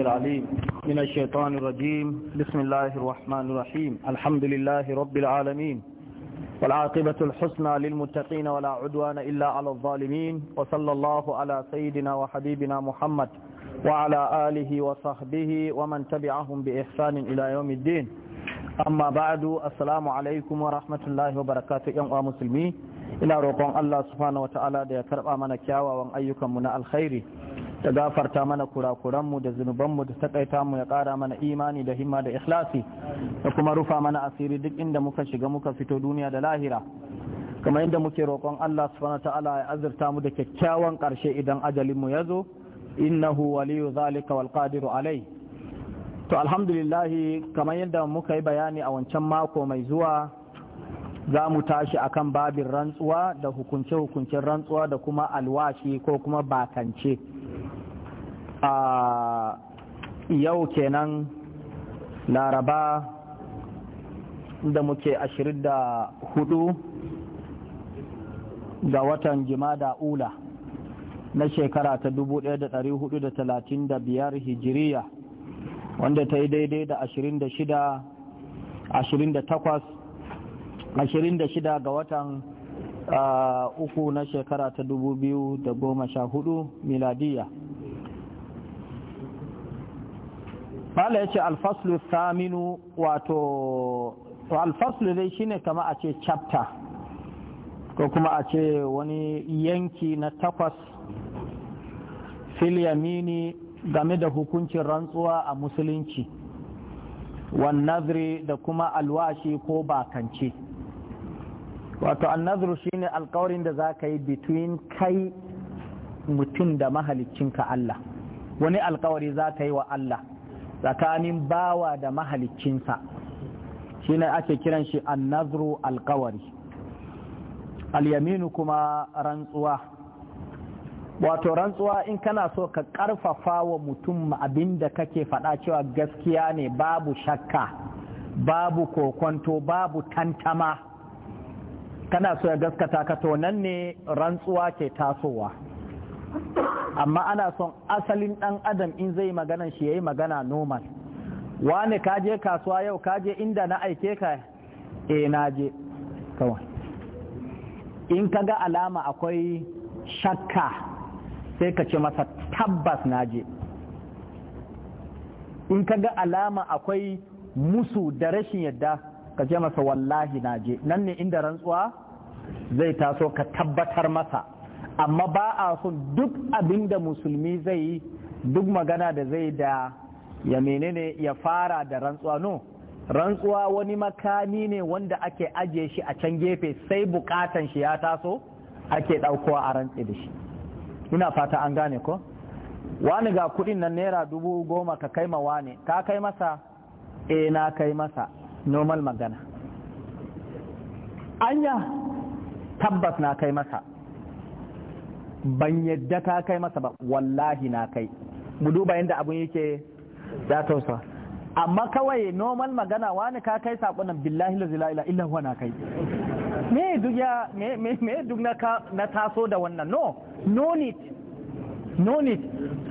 العليم من الشيطان الرجيم بسم الله الرحمن الرحيم الحمد لله رب العالمين والعاقبة الحسنى للمتقين ولا عدوان إلا على الظالمين وصلى الله على سيدنا وحبيبنا محمد وعلى آله وصحبه ومن تبعهم بإحسان إلى يوم الدين أما بعد السلام عليكم ورحمة الله وبركاته يا مسلمين ina roƙon Allah subhanahu wa ta'ala da ya karɓa mana kyawawan ayyukanmu na alkhairi ta gafarta mana kurakuranmu da zunubanmu da takaita mu ya kara mana imani da himma da ikhlasi da kuma rufa mana asiri duk inda muka shiga muka fito duniya da lahira kamar yadda muke roƙon Allah subhanahu ta'ala ya azurta mu da kyakkyawan ƙarshe idan ajalin mu yazo innahu waliyu zalika wal qadiru alai to alhamdulillah kamar yadda muka yi bayani a wancan mako mai zuwa za mu tashi akan babin rantsuwa da hukunce-hukuncen rantsuwa da kuma alwashi ko kuma bakance. a yau kenan laraba da muke ashirin da hudu ga watan jimada ula na shekara ta 1435 hijiriya wanda ta yi daidai da 26 da shida ga watan uku na shekara ta 2014 miladiya mala ya ce alfaslu saminu wato to alfaslu shi ne kama a ce chapter ko kuma a ce wani yanki na takwas filiyamini game da hukuncin rantsuwa a musulunci wan nazri da kuma alwashi ko bakanci wato shi ne alkawarin da za ka yi between kai mutum da mahalicinka Allah wani alkawari za ka yi wa Allah tsakanin bawa da mahalicinsa shine ake kiran shi annazru alkawari alyaminu kuma rantsuwa wato rantsuwa in kana so ka karfafa wa mutum abinda da kake faɗa cewa gaskiya ne babu shakka babu kokonto babu tantama kana so ya gaskata ka to nan ne rantsuwa ke tasowa amma ana son asalin ɗan adam in zai magana shi yayi magana normal Wani kaje kasuwa yau Kaje inda na aike ka e na je kawai in ka ga alama akwai shakka sai ka ce masa tabbas na je in ka ga alama akwai musu da rashin yadda ka ce masa wallahi na je nan ne inda rantsuwa zai taso ka tabbatar masa amma ba a son duk abin da musulmi zai yi duk magana da zai da ya menene ya fara da rantsuwa no rantsuwa wani makami ne wanda ake ajiye shi a can gefe sai bukatan shi ya taso ake daukowa a rantsi da shi ina fata an gane ko wani ga kudin nan naira dubu goma ka kai ma wani ka kai masa e na kai masa normal magana anya tabbas na kai masa ban yadda ka kai masa ba wallahi na kai mu duba inda abun yake ya tausa amma kawai normal magana wani ka kai sakonan billahi la ilaha illa huwa na kai me duk ya me me, me duk na ka na taso da wannan no no need no need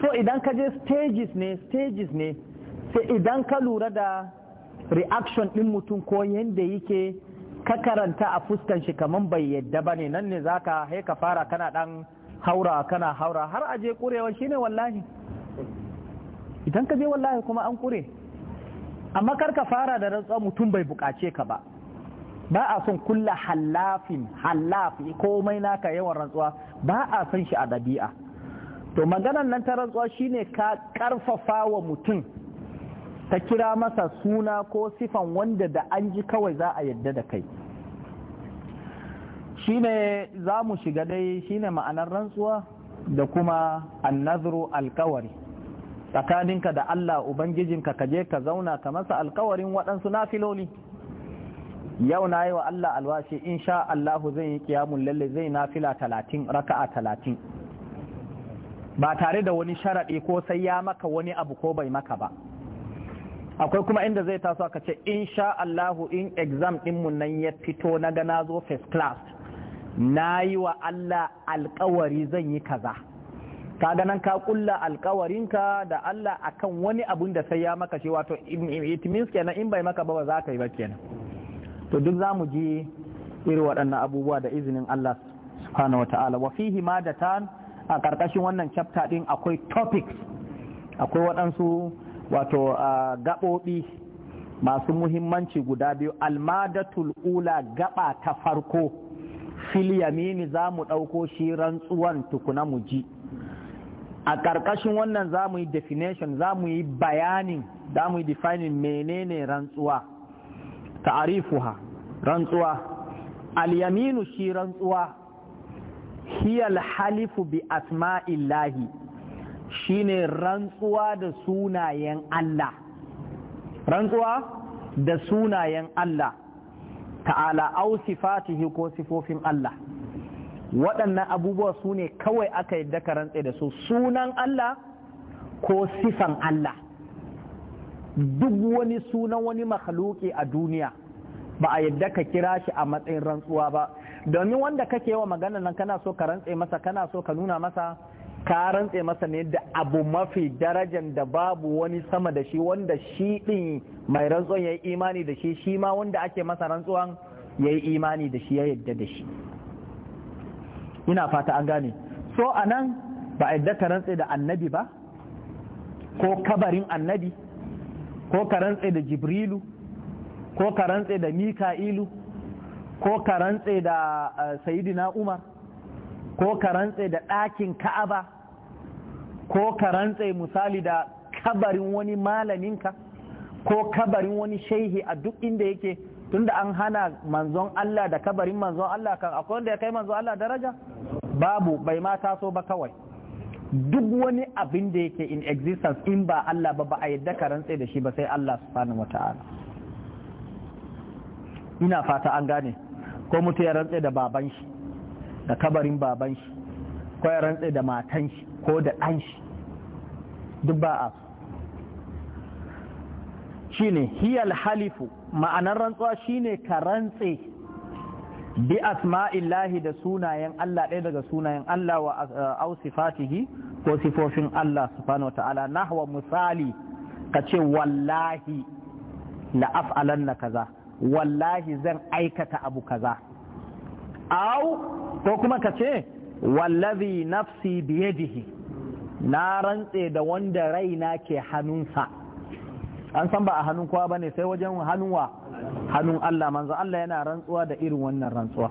so idan ka je stages ne stages ne sai idan ka lura da reaction din mutum ko yanda yake ka karanta a fuskan shi kaman bai yadda bane nan ne zaka hai ka fara kana dan haura kana haura har aje kurewa shine wallahi idan ka je wallahi kuma an kure amma kar ka fara da rantsuwa mutum bai bukace ka ba ba a son kulla halafin hallafi komai naka yawan rantsuwa ba a son shi a dabi'a to maganan nan ta rantsuwa shine ka karfafa wa mutum ta kira masa suna ko sifan wanda da an ji kawai za a yadda da kai Shi ne za mu shiga dai shi ne ma'anar rantsuwa da kuma annazuru alkawari tsakaninka da Allah Ubangijinka ka je ka zauna ka masa alkawarin waɗansu na nafiloli yau na yi wa Allah alwashi in sha Allahu zai yi kiyamun lalle zai na fila talatin raka'a talatin ba tare da wani sharaɗi ko sai ya maka wani abu ko bai maka ba akwai kuma inda zai taso ka ce in sha Allahu in exam ɗinmu nan ya fito na ga na zo first class na yi wa Allah alkawari zan yi kaza ka ganan ka kulla alkawarinka da Allah akan wani abun da sai ya maka shi wato it means kenan in bai maka ba ba za ka yi ba kenan to duk za mu ji irin waɗannan abubuwa da izinin Allah subhanahu wa ta'ala wa fihi ma da ta a ƙarƙashin wannan chapter ɗin akwai topics akwai waɗansu wato gaɓoɓi masu muhimmanci guda biyu almadatul ula gaɓa ta farko filyamini yamini za mu ɗauko shi rantsuwan tukuna mu ji a ƙarƙashin wannan za mu yi definition za mu yi bayanin za mu yi defining menene rantsuwa ta'arifuha rantsuwa al shi rantsuwa hiyal halifu bi asma'illahi shine rantsuwa da sunayen Allah rantsuwa da sunayen Allah ta'ala aw sifatihi ko sifofin Allah waɗannan abubuwa su ne kawai aka yi ka rantse da su sunan Allah ko sifan Allah duk wani sunan wani makhluki a duniya ba a yadda ka kira shi a matsayin rantsuwa ba domin wanda kake wa magana nan kana so ka rantse masa kana so ka nuna masa ka rantse masa ne da abu mafi darajan da babu wani sama da shi wanda shi din mai rantsuwan ya yi imani da shi shi ma wanda ake masa rantsuwan ya yi imani da shi ya yadda da shi ina fata an gane so a nan ba a yadda ka rantse da annabi ba ko kabarin annabi ko ka rantse da jibrilu ko ka rantse da mika'ilu ko ka rantse da eh, sayidina umar ko ka rantse da ɗakin ka'aba ko ka rantse misali da kabarin wani malaminka ko kabarin wani shehi a duk inda yake tunda an hana manzon Allah da kabarin manzon Allah kan akwai wanda ya kai manzon Allah daraja babu bai ma taso ba kawai duk wani abin da yake in existence in ba Allah ba ba a yadda ka rantse da shi ba sai Allah subhanahu wata'ala ina fata an gane ko mutu ya rantse da baban shi da kabarin baban shi ko ya rantse da matan shi ko da ɗan shi duk ba a shine hiyal halifu ma'anar rantsuwa shine ka rantse bi asma'illahi da sunayen Allah ɗaya daga sunayen Allah wa uh, au ko sifofin Allah subhanahu wata'ala nahwa misali ka ce wallahi la af'alanna kaza wallahi zan aikata abu kaza au ko kuma ka ce wallazi nafsi biyadihi na rantse da wanda raina ke hannunsa an san ba a hannun kowa bane sai wajen hannunwa hannun Allah manzo Allah yana rantsuwa da irin wannan rantsuwa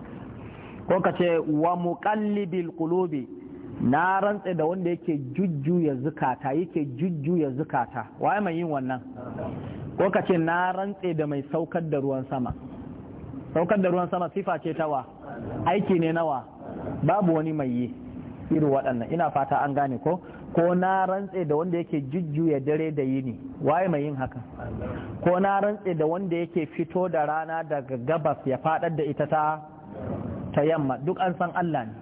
ko ka ce wa muqallibil qulubi na rantse da wanda yake jujjuya zukata yake jujjuya zukata waye mai yin wannan ko ka ce na rantse da mai saukar da ruwan sama saukar da ruwan sama sifa ce ta wa aiki ne nawa babu wani mai yi irin waɗannan ina fata an gane ko ko na rantse da wanda yake jujjuya dare da yini waye mai yin haka ko na rantse da wanda yake fito da rana daga gabas ya faɗar da ita ta ta yamma duk an san Allah ne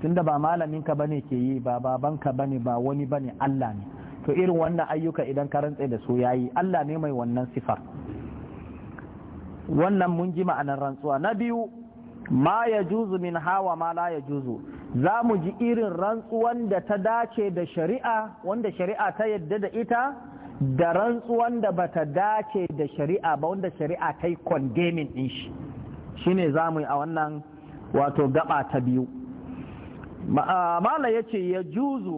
tunda ba malamin ka bane ke yi ba baban ka bane ba wani bane Allah ne to irin wannan ayyuka idan ka rantse da su yayi Allah ne mai wannan sifar wannan mun ji ma'anar rantsuwa na biyu ma ya juzu min hawa ma la ya juzu za mu ji irin rantsuwan da ta dace da shari'a wanda shari'a ta yadda da ita da rantsuwan da ba ta dace da shari'a ba wanda shari'a ta yi condemning ɗin shi ne za mu yi a wannan wato gaba ta biyu mala ya ce ya juzu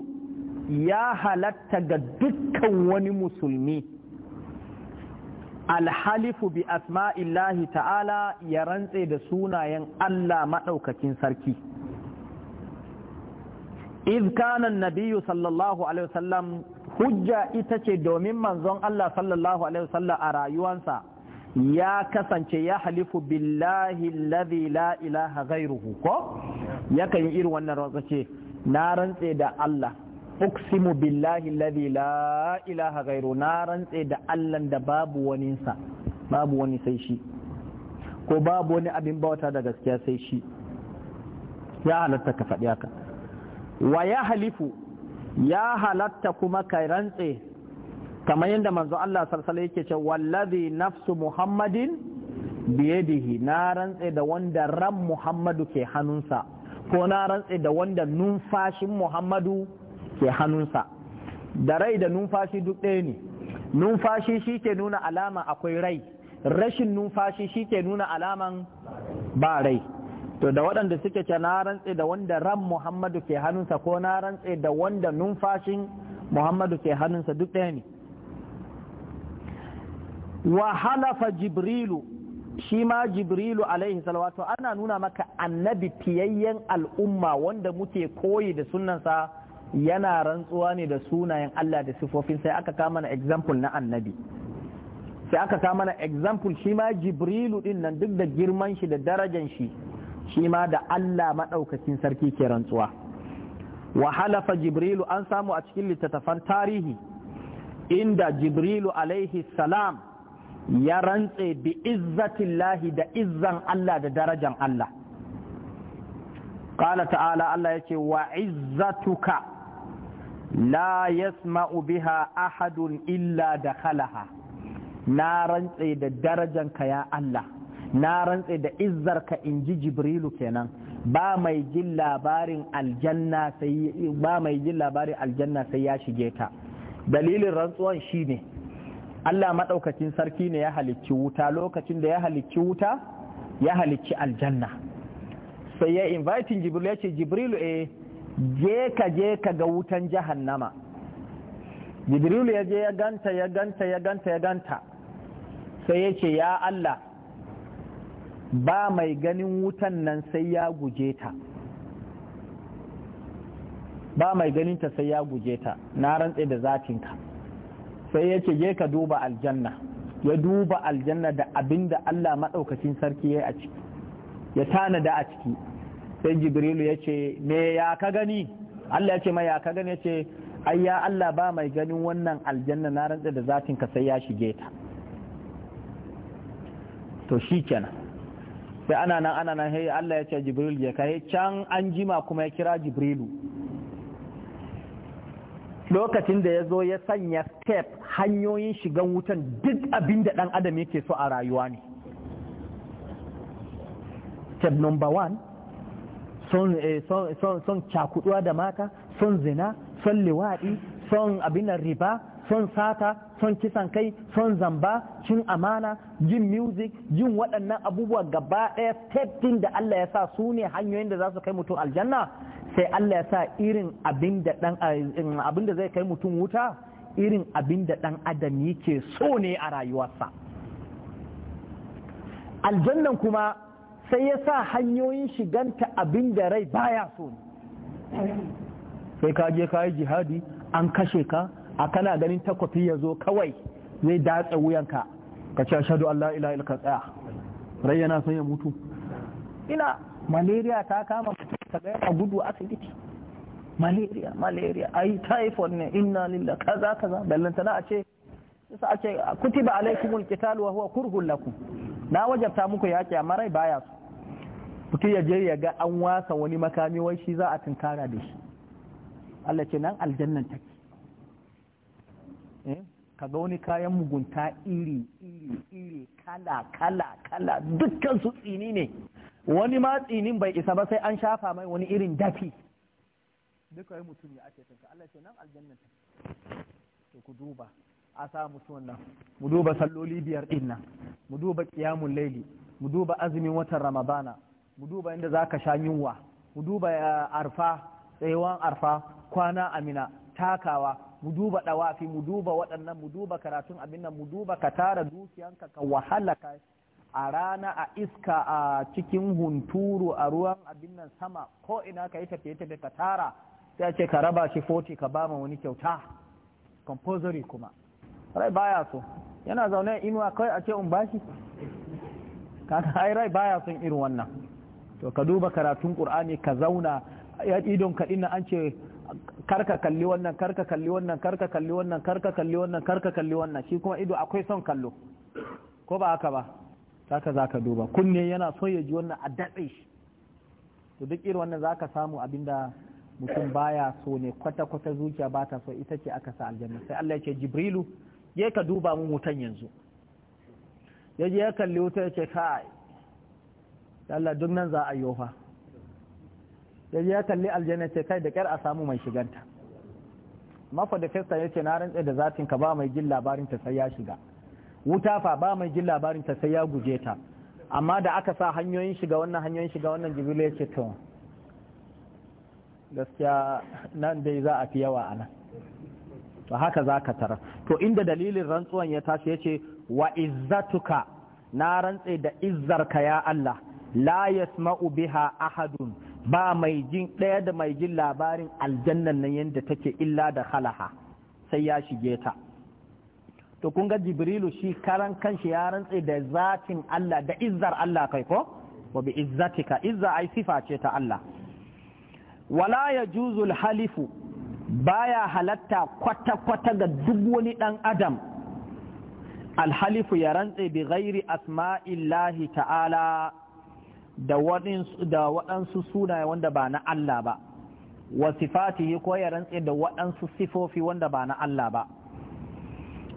ya halatta ga dukkan wani musulmi alhalifu bi asma'illahi ta'ala ya rantse da sunayen Allah maɗaukakin sarki iz kana sallallahu alaihi wasallam hujja ita ce domin manzon Allah sallallahu alaihi wasallam a rayuwansa ya kasance ya halifu billahi alladhi la ilaha ghairuhu ko yakan yi irin wannan rantsace na rantse da Allah uksimu billahi alladhi la ilaha ghairu na rantse da Allah da babu wani sa babu wani sai shi ko babu wani abin bauta da gaskiya sai shi ya halatta ka faɗi haka wa ya halifu ya halatta kuma ka rantse kamar yadda manzo Allah sarsala yake ce wallazi nafsu muhammadin biyadihi na rantse da wanda ran muhammadu ke hannunsa ko na rantse da wanda numfashin muhammadu ke hannunsa da rai da numfashi duk ɗaya ne numfashi shi ke nuna alama akwai rai rashin numfashi shi ke nuna alaman ba rai to da waɗanda suke ce na rantse da wanda ran muhammadu ke hannunsa ko na rantse da wanda numfashin muhammadu ke hannunsa duk ɗaya ne wa halafa jibrilu shi ma jibrilu alaihi salawatu ana nuna maka annabi fiyayyen al'umma wanda muke koyi da sunansa yana rantsuwa ne da sunayen Allah da sifofin sai aka kama na example na annabi sai aka kama na example shi ma jibrilu din nan duk da girman shi da darajan shi shi ma da Allah maɗaukakin sarki ke rantsuwa wa halafa jibrilu an samu a cikin littattafan tarihi inda jibrilu alaihi salam ya rantse bi izzatillahi da izzan Allah da darajan Allah قال تعالى الله يتي وعزتك la yasma'u biha ahadun illa da khalaha na rantse da darajanka ya Allah na rantse da izzar ka in ji jibrilu kenan ba mai jin labarin aljanna sai ba mai jin labarin aljanna sai ya shige ta dalilin rantsuwan shine Allah madaukakin sarki ne ya halicci wuta lokacin da ya halicci wuta ya halicci aljanna sai ya invite jibrilu ya ce jibrilu eh je ka je ka ga wutan jahannama jibrilu ya je ya ganta ya ganta ya ganta ya ganta sai ya ce ya Allah ba mai ganin wutan nan sai ya guje ta ba mai ta sai ya guje ta na rantse da zatinka sai ya ce je ka duba aljanna ya duba aljanna da abinda Allah maɗaukacin sarki ya a ciki ya tana da a ciki sai jibrilu ya ce me ya ka gani Allah ya ce mai ya ka gani ya ce ai Allah ba mai ganin wannan aljanna na rantsa da zatin ka sai ya shige ta to shi kenan sai ana nan ana nan hey Allah ya ce jibril ya kai can an jima kuma ya kira jibrilu lokacin da ya zo ya sanya step hanyoyin shigan wutan duk abin da ɗan adam yake so a rayuwa ne step number Eh, son cakuduwa da mata son zina son liwaɗi son da riba son sata son kisan kai son zamba cin amana jin music jin waɗannan abubuwa gaba ɗaya step din da Allah ya sa su ne hanyoyin da za su kai mutum aljanna sai Allah ya sa irin abin da eh, abin da zai kai mutum wuta irin abin da ɗan adam yake so ne a rayuwarsa aljannan kuma sai ya sa hanyoyin shiganta abin da rai baya so sai ka je ka yi jihadi an kashe ka a kana ganin takwafi ya zo kawai zai datse wuyanka ka ce shaɗu Allah ila ilka tsaya rai yana son ya mutu ila malaria ta kama ta ga yana gudu asibiti malaria malaria ai typhoid ne inna lillahi kaza kaza ballantana a ce a ce kutiba alaikumul qital wa huwa kurhul lakum na wajabta muku yaki amma rai baya su mutum ya je ya ga an wasa wani makami wai shi za a tunkara da shi Allah ce nan aljannan take eh ka ga wani kayan mugunta iri iri iri kala kala kala dukkan su tsini ne wani ma tsinin bai isa ba sai an shafa mai wani irin dafi duka yi mutum ya ake tunka Allah ce nan aljannan take to ku duba a sa musu wannan mu duba salloli biyar din nan mu duba qiyamul layli mu duba azumin watan ramadana mu duba inda zaka sha yunwa mu duba eh, arfa tsayuwan arfa kwana amina takawa mu duba dawafi mu duba waɗannan mu duba karatun abin nan mu duba ka tara dukiyanka ka wahala ka a rana a iska a cikin hunturu a ruwan abin nan sama ko ina ka yi tafiye tafiye ka tara sai ce ka raba shi 40 ka ba wani kyauta compulsory kuma rai baya so yana zaune inuwa kai a ce in bashi kaga ai rai baya son irin wannan to ka duba karatun qur'ani ka zauna ya idon ka dinna an ce karka kalli wannan karka kalli wannan karka kalli wannan karka kalli wannan karka kalli wannan shi kuma ido akwai son kallo ko ba haka ba saka zaka duba kunne yana so ya ji wannan a datse shi to duk irin wannan zaka samu abinda mutum baya so ne kwata kwata zuciya ba ta so ita ce aka sa aljanna sai Allah ya ce jibrilu je ka duba mu wutan yanzu ya je ya kalli wuta ya ce kai Allah duk nan za a yi fa ya je ya kalli aljanna ce kai da kyar a samu mai shiganta mafa da festa ya ce na rantse da zatin ka ba mai jin labarin ta sai ya shiga wuta fa ba mai jin labarin ta sai ya guje ta amma da aka sa hanyoyin shiga wannan hanyoyin shiga wannan jibril ya ce to gaskiya nan dai za a fi yawa a nan to haka za ka tarar to inda dalilin rantsuwan ya tashi ya ce wa izzatuka na rantse da izzarka ya Allah la yasma'u biha ahadun ba mai jin ɗaya da mai jin labarin aljannan nan yadda take illa da halaha sai ya shige ta to kun ga jibrilu shi karan kanshi ya rantse da zatin Allah da izzar Allah kai ko wa bi izzatika izza ai sifa ce ta Allah wala yajuzul halifu baya halatta kwata-kwata ga duk wani ɗan adam alhalifu ya rantse bi ghairi asma'illahi ta'ala da waɗansu sunaye wanda ba na Allah ba wa sifatihi ko ya rantse da waɗansu sifofi wanda ba na Allah ba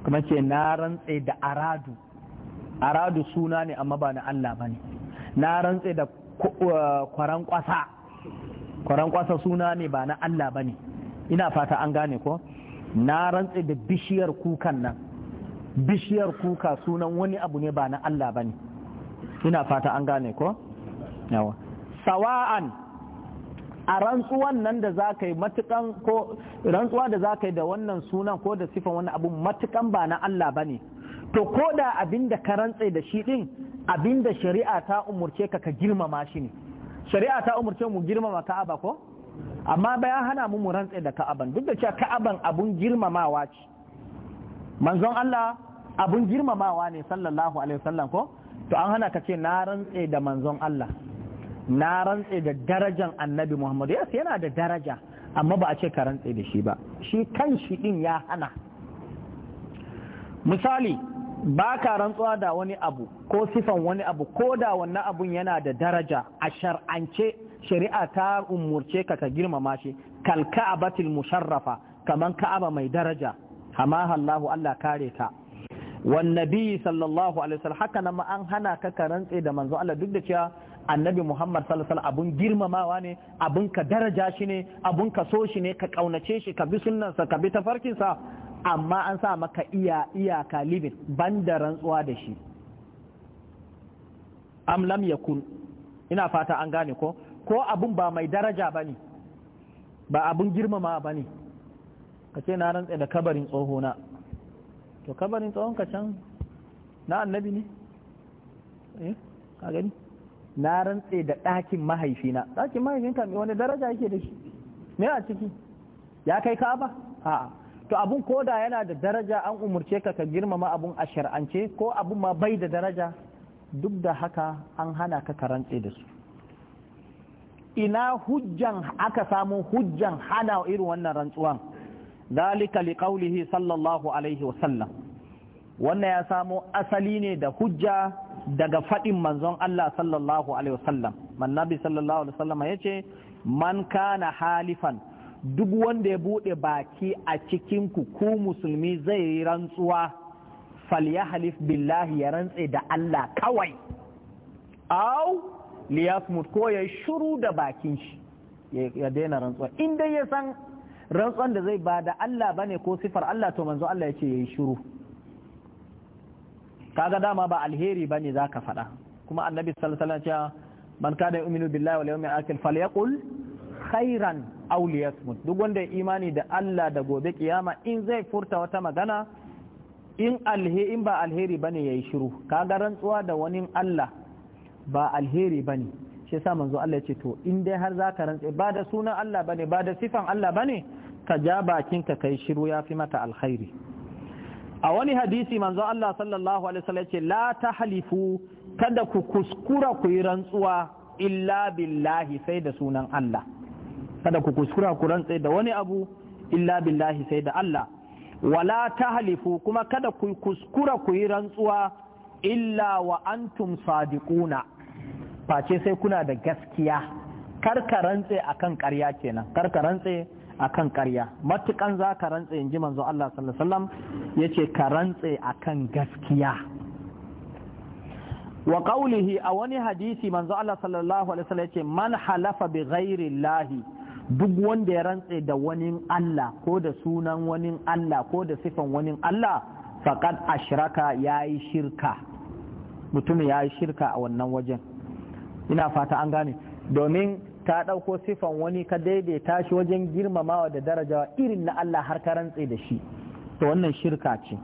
kuma ce na rantse da aradu aradu suna ne amma ba na Allah ba ne na rantse da eh, kwaran kwasa kwaran kwasa suna ne ba na Allah ba ne ina fata an gane ko na rantse da bishiyar kukan nan bishiyar kuka sunan wani abu ne ba na Allah bane ina fata an gane ko yawa sawa'an a rantsuwan nan da za ka yi matukan ko rantsuwa da za ka yi da wannan sunan ko da sifan wani abu matukan ba na Allah bane to ko da abinda ka rantse da shi din abinda shari'a ta umurce ka ka girmama shi ne shari'a ta umurce mu girmama ka'aba ko amma ya hana mu mu rantse da ka'aban duk da cewa ka'aban abun girmamawa ce manzon Allah abun girmamawa ne sallallahu alaihi wasallam ko to an hana ka ce na rantse da manzon Allah na rantse da darajar annabi Muhammadu yes yana da daraja amma ba a ce ka rantse da shi ba shi kan shi din ya hana misali ba ka rantsuwa da wani abu ko sifan wani abu ko da wannan abun yana da daraja a shar'ance shari'a ta umurce ka ka girmama shi kal ka'abatil musharrafa kaman ka'aba mai daraja hamaha Allah Allah kare ta wan nabi sallallahu alaihi wasallam haka nan an hana ka ka rantse da manzo Allah duk da cewa annabi Muhammad sallallahu alaihi wasallam abun girmamawa ne abun ka daraja shi ne abun ka so shi ne ka kaunace shi ka bi sunnansa ka bi tafarkinsa amma an sa maka iya iyaka limit banda rantsuwa da shi am lam yakun ina fata an gane ko ko abun ba mai daraja ba ne ba abun girmama ba ne ka ce na rantse da kabarin tsohona to kabarin tsohon ka can na annabi ne eh ka gani na rantse da ɗakin mahaifina ɗakin mahaifinka mai wani daraja yake da shi me a ciki ya kai ka ba a'a to abun koda yana da daraja an umurce ka ka girmama abun a shar'ance ko abun ma bai da daraja duk da haka an hana ka karantse da su ina hujjan aka samu hujjan hana irin wannan rantsuwan dalika liqaulihi sallallahu alaihi wa sallam. wannan ya samo asali ne da hujja daga fadin manzon Allah sallallahu alaihi wa sallam manabi sallallahu alaihi wa sallam yace man kana halifan duk wanda ya bude baki a cikin ku ku musulmi zai yi rantsuwa falyahlif billahi ya rantse da Allah kawai au liyasmut ko ya shuru da bakin shi ya daina rantsuwa in dai ya san rantsuwan da zai ba da Allah bane ko sifar Allah to manzo Allah ya ce ya yi shuru kaga dama ba alheri bane za ka faɗa kuma annabi sallallahu alaihi wasallam man kana yu'minu billahi wal yawmil akhir falyaqul khairan aw liyasmut duk wanda ya imani da Allah da gobe kiyama in zai furta wata magana in alhe in ba alheri bane yayi shiru kaga rantsuwa da wani Allah ba alheri bane shi sa manzo Allah ya ce to in dai har zaka rantse ba da sunan Allah bane ba da sifan Allah bane ka ja bakin ka kai shiru yafi mata alkhairi a wani hadisi manzo Allah sallallahu alaihi wasallam ce la tahlifu kada ku kuskura ku yi rantsuwa illa billahi sai da sunan Allah kada ku kuskura ku rantse da wani abu illa billahi sai da Allah wala tahlifu kuma kada ku kuskura ku yi rantsuwa illa wa antum sadiquna face sai kuna da gaskiya karka rantse akan karya kenan karka rantse akan karya matukan za ka rantse in ji manzo Allah sallallahu alaihi wasallam yace ka rantse akan gaskiya wa qawlihi a wani hadisi manzo Allah sallallahu alaihi wasallam yace man halafa bi ghairi llahi duk wanda ya rantse da wani Allah ko da sunan wani Allah ko da sifan wani Allah faqad ashraka yayi shirka mutum yayi shirka a wannan wajen ina fata an gane domin ta ɗauko sifan wani ka daidaita shi wajen girmamawa da darajawa irin na Allah har ka rantse da shi to wannan shirka ce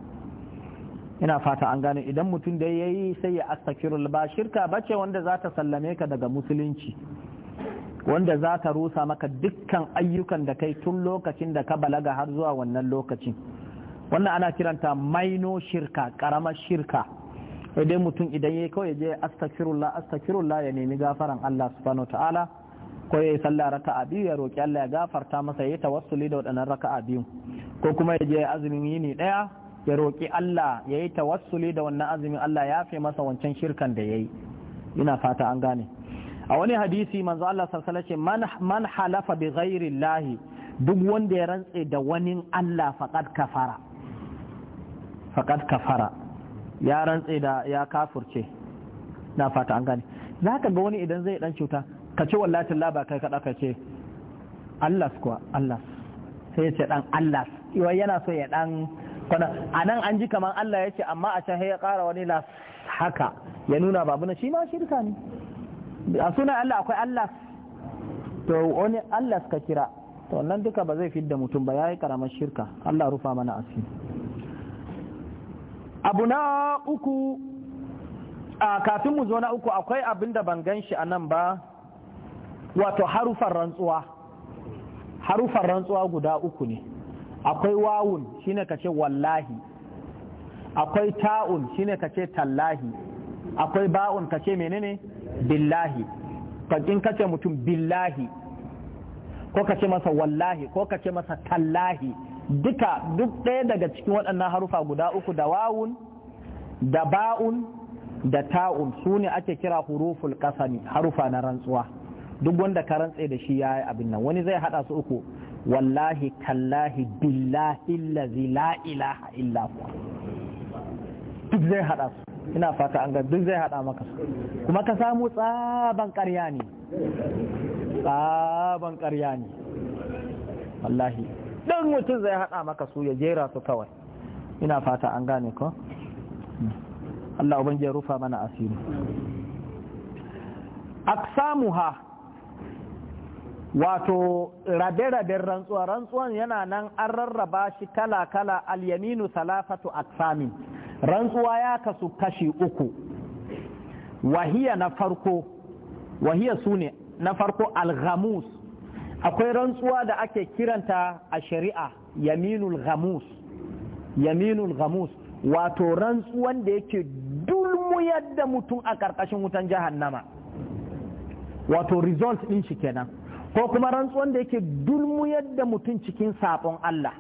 ina fata an gane idan mutum da ya yi sai ya astakirul ba shirka ba ce wanda za ta sallame ka daga musulunci wanda za ta rusa maka dukkan ayyukan da kai tun lokacin da ka balaga har zuwa wannan lokacin wannan ana kiranta maino shirka ƙaramar shirka sai dai mutum idan yi kawai je astakirullah astakirullah ya nemi gafaran Allah subhanahu ta'ala ko ya yi sallah raka'a biyu ya roki Allah ya gafarta masa yi tawassuli da wadannan raka'a biyu ko kuma ya je azumin yini daya ya roki Allah ya yayi tawassuli da wannan azumin Allah ya fi masa wancan shirkan da ya yi ina fata an gane a wani hadisi manzo Allah sallallahu alaihi wasallam man halafa bi ghairi Allah duk wanda ya rantse da wani Allah faqad kafara faqad kafara ya rantse da ya kafurce na fata an gane za ka ga wani idan zai dan cuta ka ce wallatin la ba kai ka ka ce Allah kuwa Allah sai ya ce dan Allah iwa yana so ya dan kana a nan an ji kaman Allah ya ce amma a can ya ƙara wani la haka ya nuna babu na shi ma shirka ne a sunan Allah akwai Allah to wani Allah ka kira to wannan duka ba zai fidda mutum ba yayi karaman shirka Allah rufa mana asiri abu na uku a kafin mu zo na uku akwai abin da ban gan shi a nan ba wato harufan rantsuwa harufan rantsuwa guda uku ne akwai wawun shine kace wallahi akwai ta'un shine kace tallahi akwai ba'un kace menene billahi in kace mutum billahi ko kace masa wallahi ko kace masa tallahi duka duk ɗaya daga cikin waɗannan harufa guda uku da wawun da ba'un da ta'un su ne ake kira huruful kasami harufa na rantsuwa duk wanda ka rantse da shi ya yi abin nan wani zai hada su uku wallahi kallahi, billahi lazi la ilaha illa duk zai hada su ina fata an ga duk zai hada maka su, kuma ka samu tsaban ƙarya ne tsaban ƙarya ne wallahi Ɗan mutum zai haɗa maka su ya jera su kawai ina fata an gane ko Allah ubangiji ya rufa mana asiri aksamuha wato rabe-raben rantsuwa rantsuwan yana nan an rarraba shi kala-kala alyaminu salafatu aksamin rantsuwa ya kasu kashi uku wahiya na farko wahiya su na farko alghamus akwai rantsuwa da ake kiranta a shari'a yaminul ghamus yaminul ghamus wato rantsuwan da yake dulmu yadda mutum a karkashin wutan jahannama wato result din shi kenan ko kuma rantsuwan da yake dulmu yadda mutum cikin saɓon Allah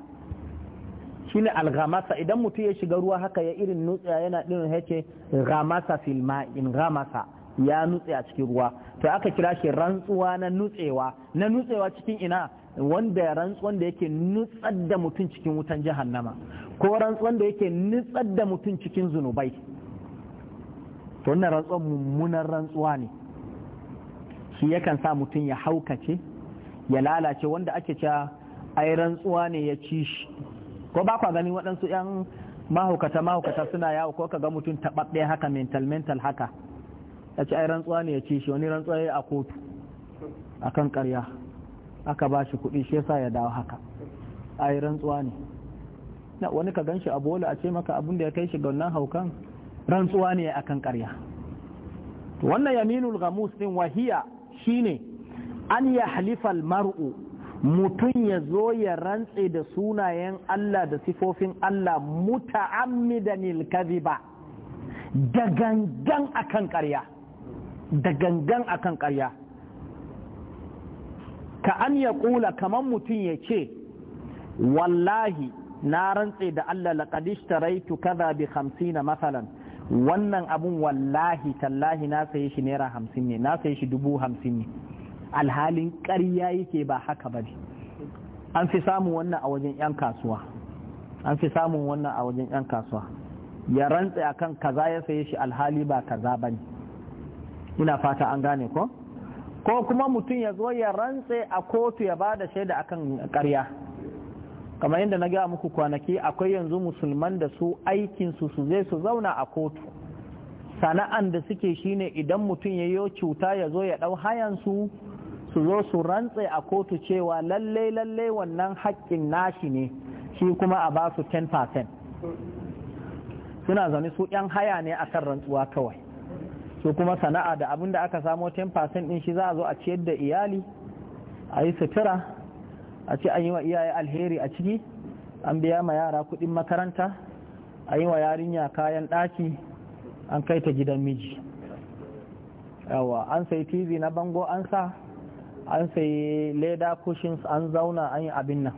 shine alghamasa idan mutum ya shiga ruwa haka ya irin nutsa yana ɗin ya ghamasa fil ma'in ghamasa ya nutse a cikin ruwa to aka kira shi rantsuwa na nutsewa na nutsewa cikin ina wanda rantsuwan da yake nutsar da mutum cikin wutan jahannama ko rantsuwan da yake nutsar da mutum cikin zunubai to wannan rantsuwan mummunan rantsuwa ne shi yakan sa mutum ya haukace ya lalace wanda ake cewa ai rantsuwa ne ya ci shi ko ba kwa gani waɗansu 'yan mahaukata mahaukata suna yawo ko ka ga mutum taɓaɓɓe haka mental mental haka ya ce ai rantsuwa ne ya ce shi wani rantsuwa ya a kotu A kan karya aka ba shi kuɗi shi yasa ya dawo haka ai rantsuwa ne na wani ka gan shi a bola a ce maka abin da ya kai shi ga wannan haukan rantsuwa ne a kan karya wannan yaminul gamus din wahiya shine an ya halifal mar'u mutum ya zo ya rantse da sunayen Allah da sifofin Allah muta'ammidan al-kadhiba da gangan akan karya da gangan akan karya, ka an ya kula kamar mutum ya ce wallahi na rantse da Allah laƙadishta raitu kaza bi na matsalan wannan abun wallahi tallahi na saye shi naira hamsin ne na saye shi dubu hamsin ne alhalin ƙarya yake ba haka ba ne an fi samun wannan a wajen 'yan kasuwa an fi samun wannan a wajen 'yan kasuwa ya rantse akan kaza ya saye shi alhali ba kaza ba ne ina fata an gane ko ko kuma mutum ya zo ya rantse a kotu ya bada shaida akan karya kamar yadda na gaya muku kwanaki akwai yanzu musulman da su aikin su zai su zauna a kotu sana'an da suke shine idan mutum ya yi cuta ya zo ya ɗau hayan su su zo su rantse a kotu cewa lallai lallai wannan haƙƙin nashi ne shi kuma a ba su 10% suna zane su 'yan haya ne akan rantsuwa kawai su kuma sana'a da abin da aka samo 10% din shi za a zo a ciyar da iyali a yi sutura a ce an yi wa iyaye alheri a ciki an biya ma yara kudin makaranta a yi wa yarinya kayan ɗaki an kai ta gidan miji yawa an sai tv na bango an sa an sai leda cushions an zauna an yi abin nan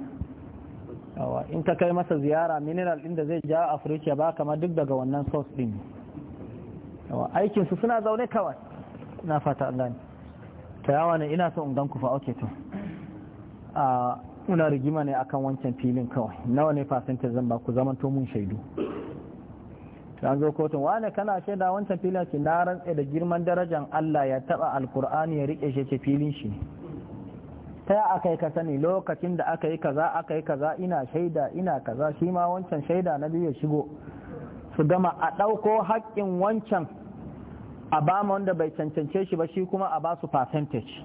yawa in ka kai masa ziyara mineral ɗin da zai ja afirka ba kama duk daga wannan source ɗin Aikinsu suna zaune kawai na fata Allah ne ta yawa ne ina son gan ku fa oke to a una rigima ne akan wancan filin kawai nawa ne fasinta zan ba ku zaman to mun shaidu ta zo kotun wane kana shaida wancan filin ce na rantse da girman darajan Allah ya taba alkur'ani ya rike shi ce filin shi ta aka yi ka sani lokacin da aka yi kaza aka yi kaza ina shaida ina kaza shi ma wancan shaida na biyu ya shigo su gama a ɗauko haƙƙin wancan a ba wanda bai cancance shi ba shi kuma a ba su percentage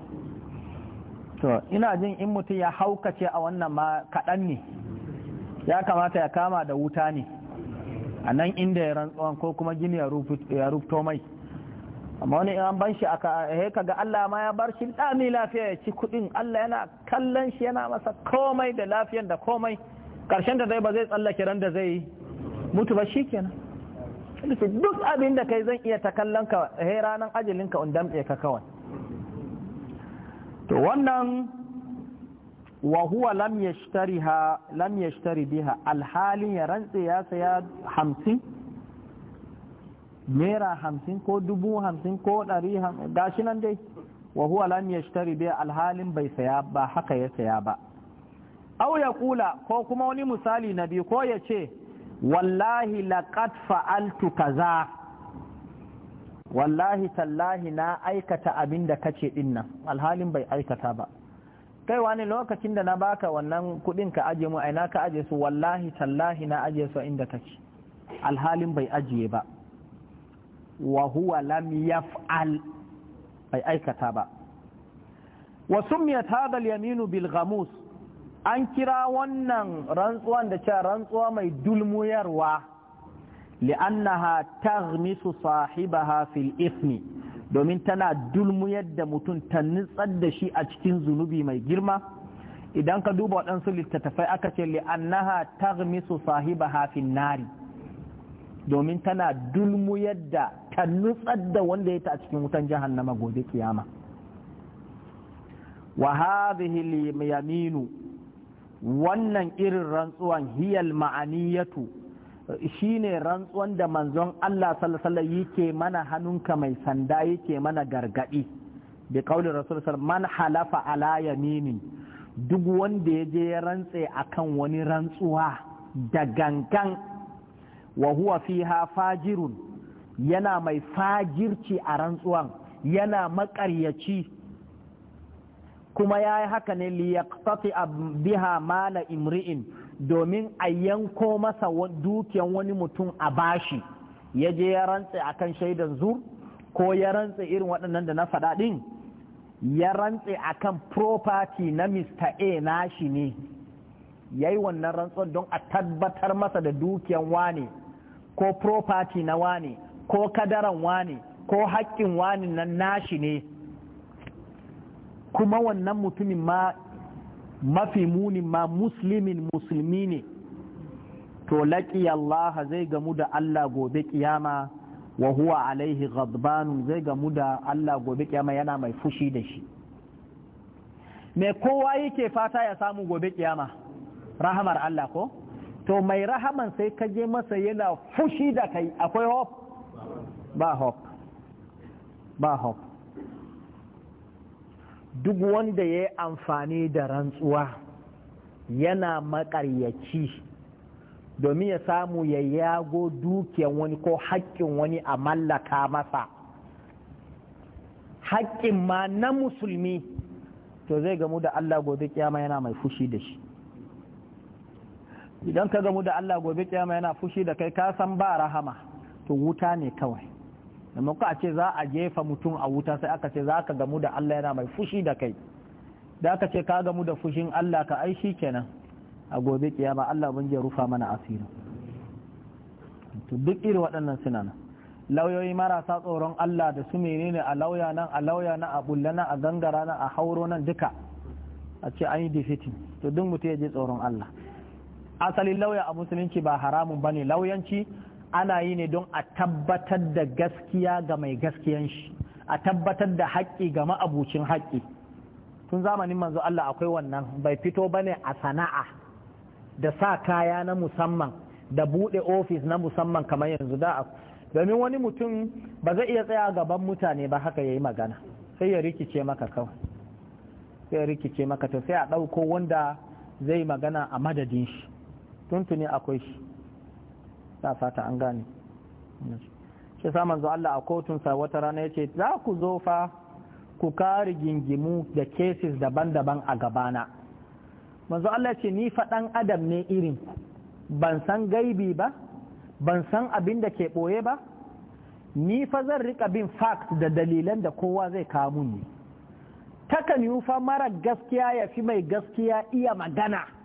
to ina jin in mutum ya haukace a wannan ma kaɗan ne ya kamata ya kama da wuta ne a nan inda ya rantsuwan ko kuma gini ya rufto mai amma wani in ban shi aka ka ga Allah ma ya bar shi dami lafiya ya ci kuɗin Allah yana kallon shi yana masa komai da lafiyan da komai ƙarshen da zai ba zai tsallake ran da zai mutu ba shi kenan duk abin da kai zan iya ta kallon ka he ranar ka in damɗe ka kawai to wannan wa huwa lam yashtariha lam yashtari biha alhali ya rantse ya saya hamsin naira hamsin ko dubu hamsin ko ɗari gashi nan dai wa huwa lam yashtari biha alhalin bai saya ba haka ya saya ba au ya kula ko kuma wani misali na biyu ko ya ce wallahi laqad fa'altu kaza wallahi tallahi na aikata abin da kace dinnan alhalin bai aikata ba kai wani lokacin da na baka wannan kudin ka aje mu aina ka aje su wallahi tallahi na aje su inda kace alhalin bai ajiye ba wa huwa lam yaf'al bai aikata ba wa sumiyat hadha al-yaminu bil ghamus an kira wannan rantsuwan da cewa rantsuwa mai dulmuyarwa li'annaha taghmisu sahibaha fil ismi domin tana dulmuyar da mutum ta nutsar da shi a cikin zunubi mai girma idan ka duba waɗansu littattafai aka ce li'annaha taghmisu sahibaha fil nari domin tana dulmuyar da ta nutsar da wanda ya ta a cikin wutan jahannama gobe kiyama wa hadhihi yaminu wannan irin rantsuwan hiyal ma'aniyatu shine rantsuwan da manzon Allah sallallahu yake mana hannunka mai sanda yake mana gargadi bi qauli rasul man halafa ala yaminin duk wanda ya je ya rantse akan wani rantsuwa da gangan wa huwa fiha fajirun yana mai fajirci a rantsuwan yana maƙaryaci kuma ya yi haka ne a biha mala imri'in domin a yanko masa dukiyan wani mutum a bashi ya je ya rantse akan shaidan zur ko ya rantse irin waɗannan da na faɗa ɗin ya rantse a akan property na Mr. A nashi ne ya yi wannan rantsuwar don a tabbatar masa da dukiyan wane ko property na wane ko kadaran wane ko haƙƙin wane nan nashi ne kuma wannan mutumin ma mafi muni ma muslimin musulmi ne to laƙi Allah zai gamu da Allah gobe kiyama wa huwa alaihi ghadbanun zai gamu da Allah gobe kiyama yana mai fushi da shi me kowa yake fata ya samu gobe kiyama rahamar Allah ko to mai rahaman sai ka je masa yana fushi da kai akwai hope ba hope ba hope duk wanda ya yi amfani da rantsuwa yana makaryaci domin ya samu ya yago dukiyan wani ko haƙƙin wani a mallaka masa haƙƙin ma na musulmi to zai gamu da Allah gobe kiyama yana mai fushi da shi idan ka gamu da Allah gobe kiyama yana fushi da kai ka san ba rahama to wuta ne kawai da a ce za a jefa mutum a wuta sai aka ce za ka gamu da Allah yana mai fushi da kai da aka ce ka gamu da fushin Allah ka aishi kenan a gobe kiyama Allah bin rufa mana asiri to duk irin waɗannan suna nan lauyoyi marasa tsoron Allah da su menene a lauya nan a lauya nan a bulla nan a gangara nan a hauro nan duka a ce an yi defeating to duk mutum ya je tsoron Allah asalin lauya a musulunci ba haramun bane lauyanci ana yi ne don a tabbatar da gaskiya ga mai gaskiyan shi a tabbatar da haƙƙi ga ma'abucin haƙƙi tun zamanin manzo Allah akwai wannan bai fito bane a sana'a da sa kaya na musamman da buɗe ofis na musamman kamar yanzu da domin wani mutum ba zai iya tsaya gaban mutane ba haka ya yi magana sai ya rikice maka kawai sai ya rikice maka to sai a ɗauko wanda zai magana a madadin shi tuntuni akwai shi na fata an gane shi sa manzo Allah a kotunsa wata rana yace za ku zo fa ku kare gingimu da cases daban-daban a gabana manzo Allah ce ni fa dan adam ne irin ban san gaibi ba ban san abin da ke ɓoye ba ni fa zan rika bin facts da dalilan da kowa zai kawo mun ne takan yufa mara gaskiya ya fi mai gaskiya iya magana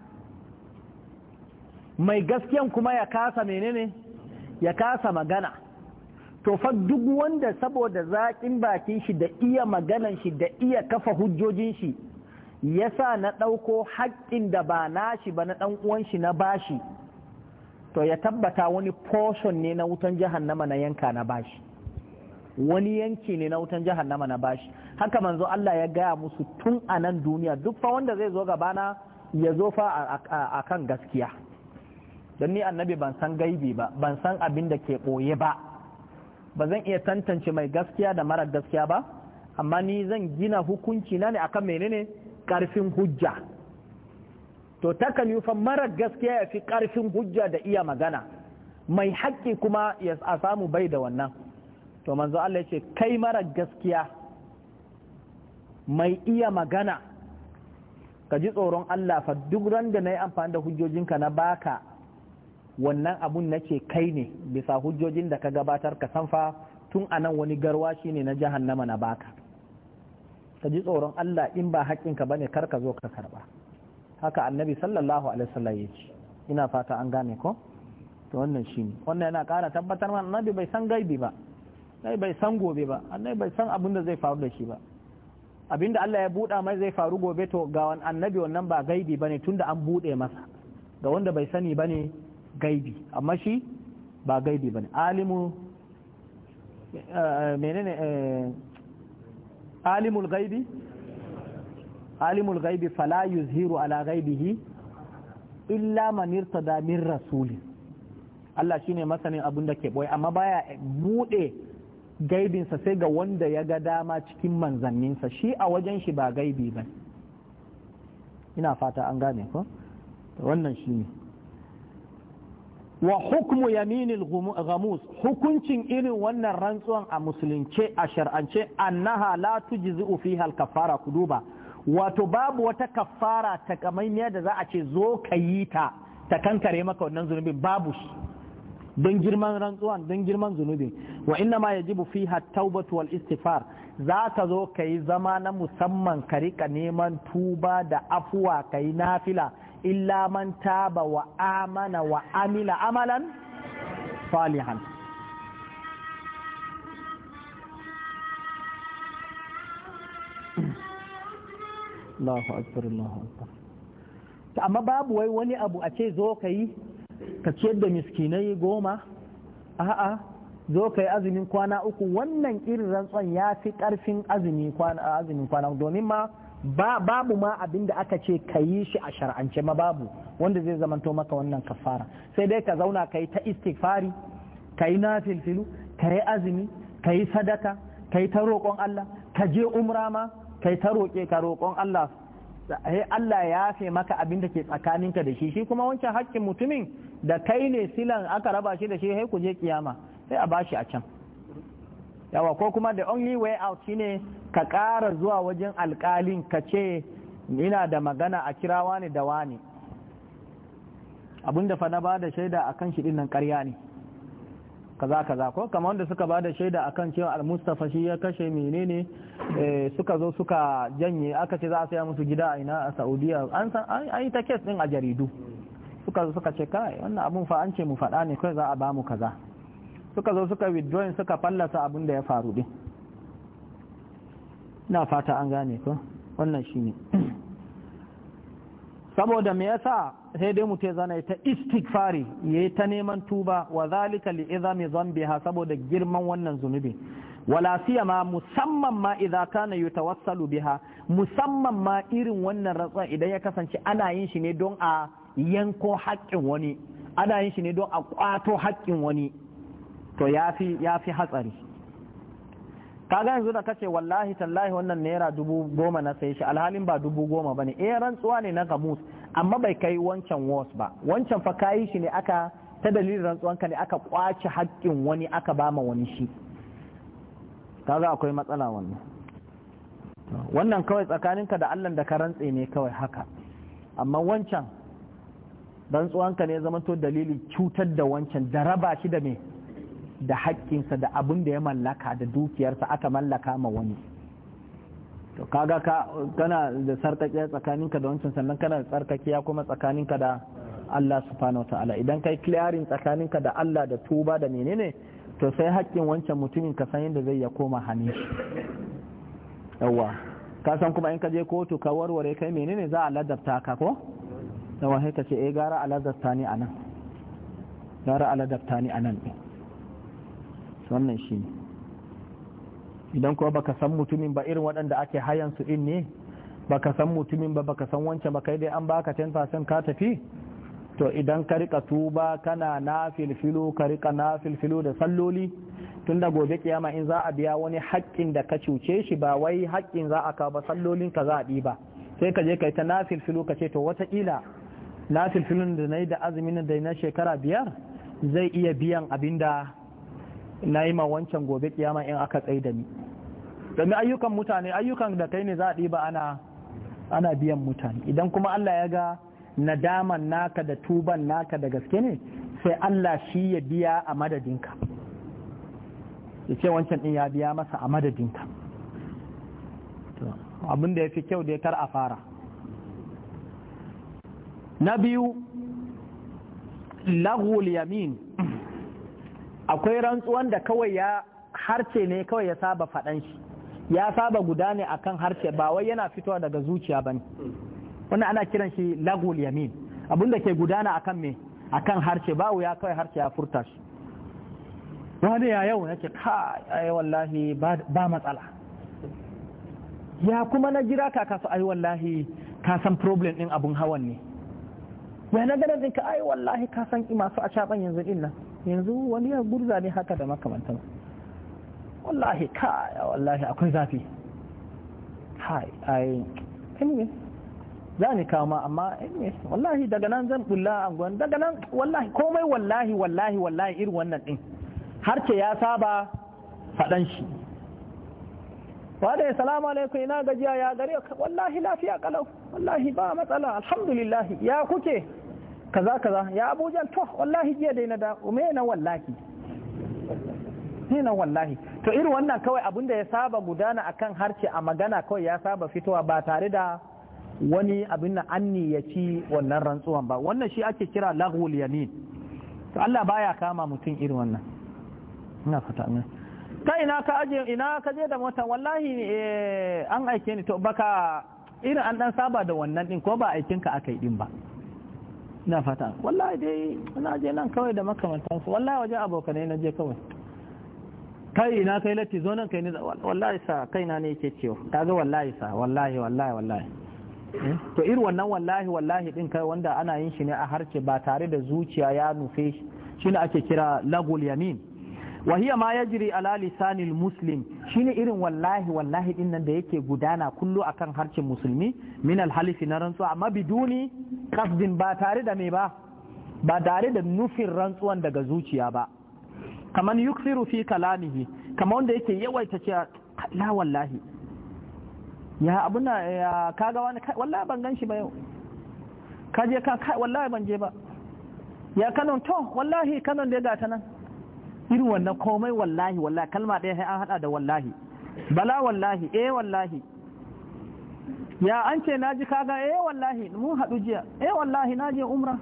mai gaskiyan kuma ya kasa menene ya kasa magana to fa duk wanda saboda zaƙin bakin shi da iya maganan shi da iya kafa hujjojin shi yasa na ɗauko haƙƙin da ba nashi ba na ɗan uwan shi na bashi to ya tabbata wani portion ne na wutan jahannama na yanka na bashi wani yanki ne na wutan jahannama na bashi haka manzo Allah ya gaya musu tun a nan duniya duk fa wanda zai zo gabana ya zo fa a kan gaskiya don ni annabi ban san gaibi ba ban san abin da ke ɓoye ba ba zan iya tantance mai gaskiya da marar gaskiya ba amma ni zan gina hukunci na ne akan menene karfin hujja to takan yi fa marar gaskiya ya fi karfin hujja da iya magana mai haƙƙi kuma ya a samu bai da wannan to manzo Allah ya ce kai marar gaskiya mai iya magana ka ji tsoron Allah fa duk ran da na yi amfani da hujjojinka na baka wannan abun nake kai ne bisa hujjojin da ka gabatar ka sanfa tun anan wani shi ne na jahannama na baka ka ji tsoron Allah in ba haƙƙinka bane kar ka zo ka karba haka annabi sallallahu alaihi wasallam ya ce ina fata an gane ko to wannan shine wannan yana ƙara tabbatar ma annabi bai san gaibi ba annabi bai san gobe ba annabi bai san abin da zai faru da shi ba abinda Allah ya buɗa mai zai faru gobe to ga annabi wannan ba gaibi bane da an buɗe masa ga wanda bai sani ba ne. gaibi amma shi ba gaibi bane alimu eh, menene eh, alimul gaibi alimul gaibi fala yuzhiru ala gaibihi illa man irtada min rasulin Allah shine masanin abin da ke boye amma baya bude gaibinsa sai ga wanda ya ga dama cikin manzanninsa shi a wajen shi ba gaibi ba ina fata an gane ko wannan shine wa hukmu yaminil ghamus hukuncin irin wannan rantsuwan a musulunce a shar'ance annaha la tujzi'u fiha al-kaffara kuduba wato babu wata kaffara takamaimiya da za a ce zo ka yi ta ta kankare maka wannan zunubin babu shi don girman rantsuwan don girman zunubin wa inna ma yajibu fiha tawbatu wal istighfar za ka zo ka yi zama na musamman ka rika neman tuba da afuwa ka yi nafila illa man taba wa amana wa amila amalan salihan Allahu akbar Allahu akbar amma babu wai wani abu a ce zo ka ka ciyar da miskinai goma a'a zo ka azumin kwana uku wannan irin rantsuwan ya fi ƙarfin azumin kwana domin ma babu ma abin da aka ce ka yi shi a shar'ance ma babu wanda zai zamanto maka wannan kafara sai dai ka zauna ka yi ta istighfari ka yi nafilfilu ka yi azumi ka yi sadaka ka yi ta roƙon Allah ka je umra ma ka yi ta roƙe ka roƙon Allah sai Allah ya yafe maka abin da ke tsakaninka da shi shi kuma wancan haƙƙin mutumin da kai ne silan aka raba shi da shi sai ku je kiyama sai a bashi a can yawa ko kuma the only way out shine ka ƙara zuwa wajen alƙalin ka ce ina da magana a kira wani da wani abinda fa na ba da shaida kan shi nan ƙarya ne kaza kaza ko kama wanda suka ba da shaida kan cewa al-mustafa shi ya kashe menene eh, suka zo suka janye aka ce za a saya musu gida a ina a saudiya an san an yi ta kes din a jaridu suka zo suka ce kai wannan abun fa an ce mu faɗa ne kai za a ba mu kaza suka zo suka withdrawing suka fallasa abin da ya faru din na fata an gane ko wannan shine saboda me yasa sai dai mu zana ta istighfari yayi ta neman tuba wa zalika li izami zambiha saboda girman wannan zunubi wala siyama musamman ma idza kana yatawassalu biha musamman ma irin wannan ratsa idan ya kasance ana yin shi ne don a yanko haƙƙin wani ana yin shi ne don a ƙwato haƙƙin wani to ya fi hatsari kaga yanzu da kace wallahi tallahi wannan naira dubu goma na sai shi alhalin ba dubu goma ba ne eh rantsuwa ne na gamus amma bai kai wancan wars ba wancan fa kayi shi ne aka ta dalilin ka ne aka kwace hakkin wani aka ba ma wani shi kaga akwai matsala wannan wannan kawai tsakaninka da allah da ka rantse ne kawai haka amma wancan ka ne zama to dalilin cutar da wancan da raba shi da me da haƙƙinsa da abin da ya mallaka da dukiyarsa aka mallaka ma wani to kaga ka kana da sarkake tsakaninka da wancan sannan kana da ya kuma tsakaninka da Allah subhanahu wa ta'ala idan kai clearing tsakaninka da Allah da tuba da menene to sai haƙƙin wancan mutumin ka san yadda zai ya koma hane yawa ka san kuma in ka je kotu ka warware kai menene za a ladabta ka ko yawa sai ka ce eh gara a ladabta ni anan gara a ladabta ni anan din wannan shi ne idan kuma baka san mutumin ba irin waɗanda ake hayan su in ne baka san mutumin ba baka san wancan ba kai dai an baka 10% ka tafi to idan ka rika tuba kana na filfilo ka rika na da salloli tun da gobe kiyama in za a biya wani haƙƙin da ka cuce shi ba wai haƙƙin za a kawo ba sallolin ka za a ba sai ka je ka yi ta na ka ce to watakila na da na yi da azumin da na shekara biyar zai iya biyan abin da na yi ma wancan gobe kiyama in aka tsaye da ni domin ayyukan mutane ayyukan da kai ne za a ɗiba ana ana biyan mutane idan kuma Allah ya ga nadaman naka da tuban naka da gaske ne sai Allah shi ya biya a madadinka ya ce wancan ɗin ya biya masa a madadinka abin da ya fi kyau da ya kar a fara na biyu lagul yamin akwai rantsuwan da kawai ya harce ne kawai ya saba faɗan shi ya saba guda ne akan harce ba wai yana fitowa daga zuciya ba ne, wannan ana kiran shi lagul yamin abin da ke gudana akan me kan harce ba ya kawai harce ya furta shi wani ya yau nake ka ai wallahi ba matsala ya kuma na jira ka kasu ai wallahi ka san problem din abun hawan ne ya na ganin ka ai wallahi ka san masu a caban yanzu din nan yanzu wani ya gurza ne haka da makamantan wallahi ka ya wallahi akwai zafi hai ai anyway za ni kama amma anyway wallahi daga nan zan a angon daga nan wallahi komai wallahi wallahi wallahi irin wannan din har ce ya saba faɗan shi wadda ya salamu alaikum ina gajiya ya gare wallahi lafiya kalau wallahi ba matsala alhamdulillah ya kuke kaza kaza ya abujan to wallahi jiya dai na da ume na wallahi ne na wallahi to irin wannan kawai abin da ya saba gudana akan harce a magana kawai ya saba fitowa ba tare da wani abin na anni ya ci wannan rantsuwan ba wannan shi ake kira laghul yamin to Allah baya kama mutum irin wannan ina fata ne ta ina ka aje ina ka je da mota wallahi eh, an aike ni to baka irin an dan saba da wannan din ko ba aikin ka aka yi din ba na fata wallahi dai na je nan kawai da makamantansu wallahi waje abokanai na je kawai kai na kai latti zo nan kai ne wallahi sa kai na ne yake cewa kaga wallahi sa wallahi wallahi wallahi eh? to irin wannan wallahi wallahi din kai wanda ana yin shi ne a harce ba tare da zuciya ya nufe shi shine ake kira lagul yamin wa hiya ma yajri ala lisanil muslim shine irin wallahi wallahi din da yake gudana kullu akan harcin musulmi min alhalifi na rantsuwa amma biduni qasdin ba tare da me ba ba tare da nufin rantsuwan daga zuciya ba kaman yukthiru fi kalamihi kamar wanda yake yawaita cewa la wallahi ya abuna ya kaga wani wallahi ban ganshi ba yau kaje ka wallahi ban je ba ya wallahi kanon gata nan irin wannan komai wallahi wallahi kalma ɗaya sai an haɗa da wallahi bala wallahi eh wallahi ya an ce na ji kaga eh wallahi mun haɗu jiya eh wallahi na je umra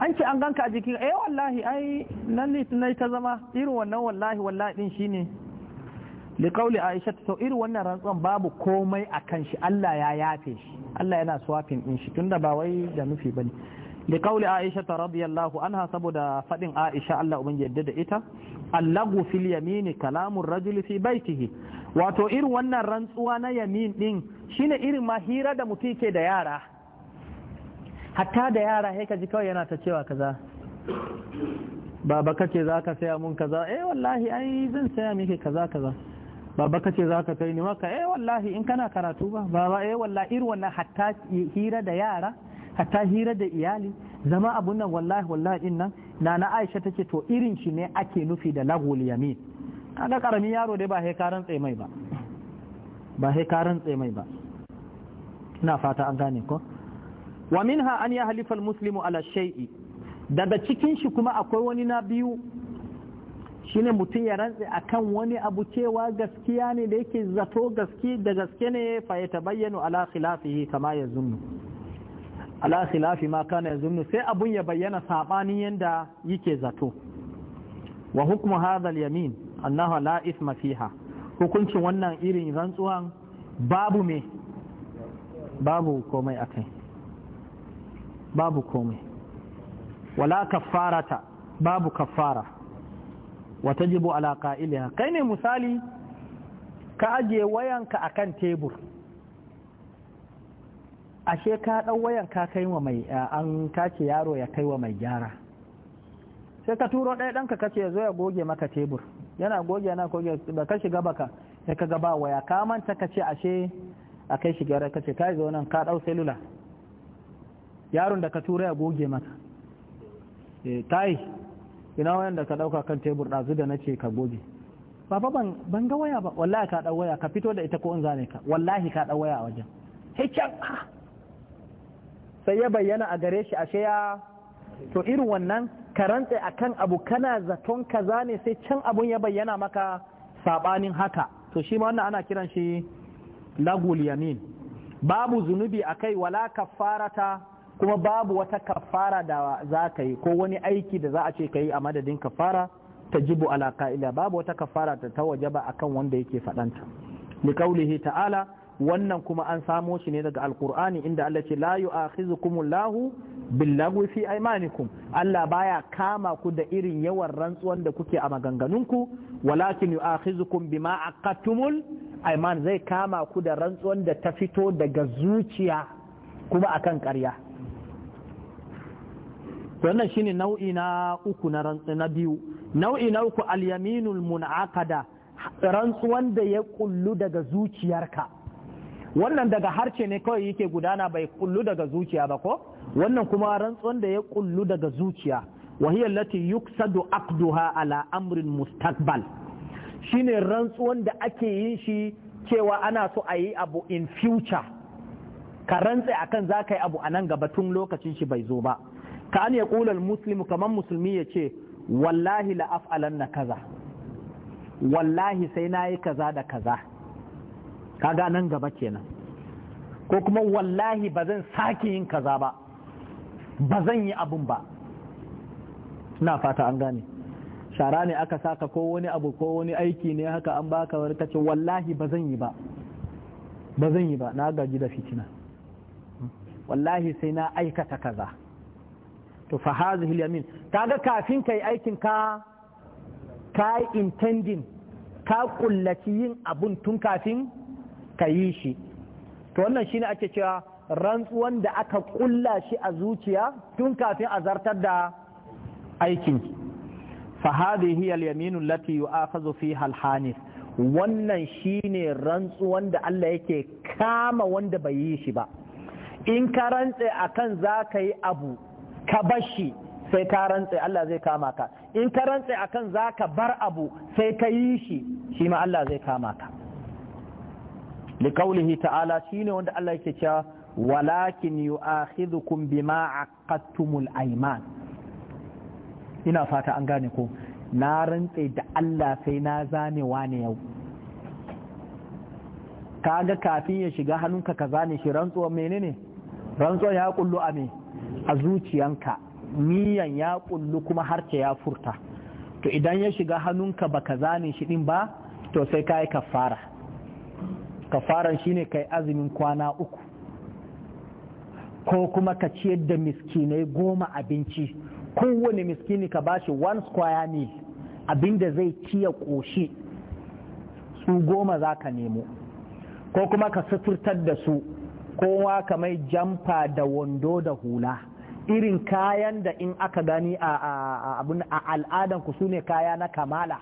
an ce an ganka a jiki eh wallahi ai nan ne ta zama irin wannan wallahi wallahi din shine li a aisha to irin wannan rantsan babu komai akan shi Allah ya yafe shi Allah yana swapping din shi tunda ba wai da nufi bane da kauli aisha ta radiyallahu anha saboda fadin aisha Allah ubangi yadda da ita allagu fil yamini kalamun rajuli fi baitihi wato irin wannan rantsuwa na yamin din shine irin ma hira da mutum ke da yara hatta da yara sai kaji kawai yana ta cewa kaza baba kace zaka saya mun kaza eh wallahi ai zan saya miki kaza kaza baba kace zaka kai ni maka eh wallahi in kana karatu ba baba eh wallahi irin wannan hatta hira da yara Ka ta hira da iyali zama abun nan wallahi wallahi din nan na na Aisha take to irin shi ne ake nufi da lagul yamin kaga karamin yaro dai ba hekaran mai ba ba hekaran mai ba ina fata an gane ko wa minha an yahlifa muslimu ala shay'i daga cikin shi kuma akwai wani na biyu shine mutum ya rantse akan wani abu cewa gaskiya ne da yake zato gaske da gaske ne fa ya tabayyana ala khilafihi kama ya zunnu ala khilafi ma kana yazunnu sai abun ya bayyana sabani yanda yake zato wa hukmu hadha al-yamin annaha la isma fiha hukuncin wannan irin rantsuwan babu me babu komai akai babu komai wala kaffarata babu kaffara wa tajibu ala qailiha kai ne misali ka ajiye wayanka akan tebur ashe ka ɗan wayan ka kai wa mai eh, an kace yaro ya kai wa mai gyara sai ka turo ɗaya ɗanka kace ya zo ya goge maka tebur yana goge yana goge da ka shiga baka ya ka ga waya ka manta ka ce ashe a kai shiga ka ce ka zo nan ka ɗau selula yaron da ka tura ya goge maka eh, tayi ina wayan da ka ɗauka kan tebur ɗazu da na ce ka goge baba ban ga waya ba wallahi ka ɗau waya ka fito da ita ko in zane ka wallahi ka ɗau waya a wajen sai ya bayyana a gare shi ashe ya to irin wannan ka rantse akan abu kana zaton kaza ne sai can abun ya bayyana maka sabanin haka to shi ma wannan ana kiran shi lagul yamin babu zunubi akai wala kafarata kuma babu wata kafara da za ka yi ko wani aiki da za a ce ka yi a madadin kafara ta jibu ala ka'ila babu wata kafara ta tawajaba akan wanda yake faɗanta li ta'ala wannan kuma an samo shi ne daga alkur'ani inda Allah ce la yu'akhizukumullahu billagwi fi aymanikum Allah baya kama ku da irin yawan rantsuwan da kuke a maganganunku walakin yu'akhizukum bima aqattumul ayman zai kama ku da rantsuwan da ta fito daga zuciya kuma akan ƙarya wannan shine nau'i na uku na rantsu na biyu nau'i na uku al-yaminul munaqada rantsuwan da ya kullu daga zuciyarka wannan daga harce ne kawai yake gudana bai kullu daga zuciya ba ko wannan kuma rantsuwan da ya kullu daga zuciya wa hiya allati yuksadu aqduha ala amrin mustaqbal shine rantsuwan da ake yin shi cewa ana so a yi abu in future ka rantse akan za ka yi abu a nan gaba tun lokacin shi bai zo ba ka an ya ƙular muslimu kamar musulmi ya ce wallahi la na kaza wallahi sai na yi kaza da kaza kaga nan gaba kenan ko kuma wallahi ba zan sake yin kaza ba ba zan yi abun ba ina fata an gane shara ne aka saka ko wani abu ko wani aiki ne haka an baka wani kace wallahi ba zan yi ba ba zan yi ba na gaji da fitina wallahi sai na aikata kaza to fa hadhihi al-yamin kaga kafin kai aikin ka ka intending ka kullaci yin abun tun kafin ka yi shi to wannan shi ne ake cewa rantsuwan da aka kulla shi a zuciya tun kafin a zartar da aikin fahadi hiya al-yaminu yi halhanis wannan shine rantsuwan da Allah yake kama wanda bai yi shi ba in ka rantse a kan za ka yi abu ka bashi sai ka rantse Allah zai kama ka in ka rantse a kan za ka bar abu sai ka yi shi shi ma Allah zai kama ka kaulihi ta'ala shine wanda Allah yake cewa walakin yu'akhidhukum bima aqadtumul ayman ina fata an gane ko na rantse da Allah sai na zane wane yau kaga kafin ya shiga hannunka ka zane shi rantsuwa menene rantsuwa ya kullu a a zuciyanka niyan ya kullu kuma harce ya furta to idan ya shiga hannunka baka zane shi din ba to sai kai kafara kafaran shine kai azumin kwana uku ko kuma ka ciyar da miskinai goma abinci kowane miskini ka bashi one square meal abinda zai ciya ƙoshi su goma za ka nemo ko kuma ka suturtar da su kowa ka mai jamfa da wando da hula irin kayan da in aka gani a al'adanku su ne kaya na kamala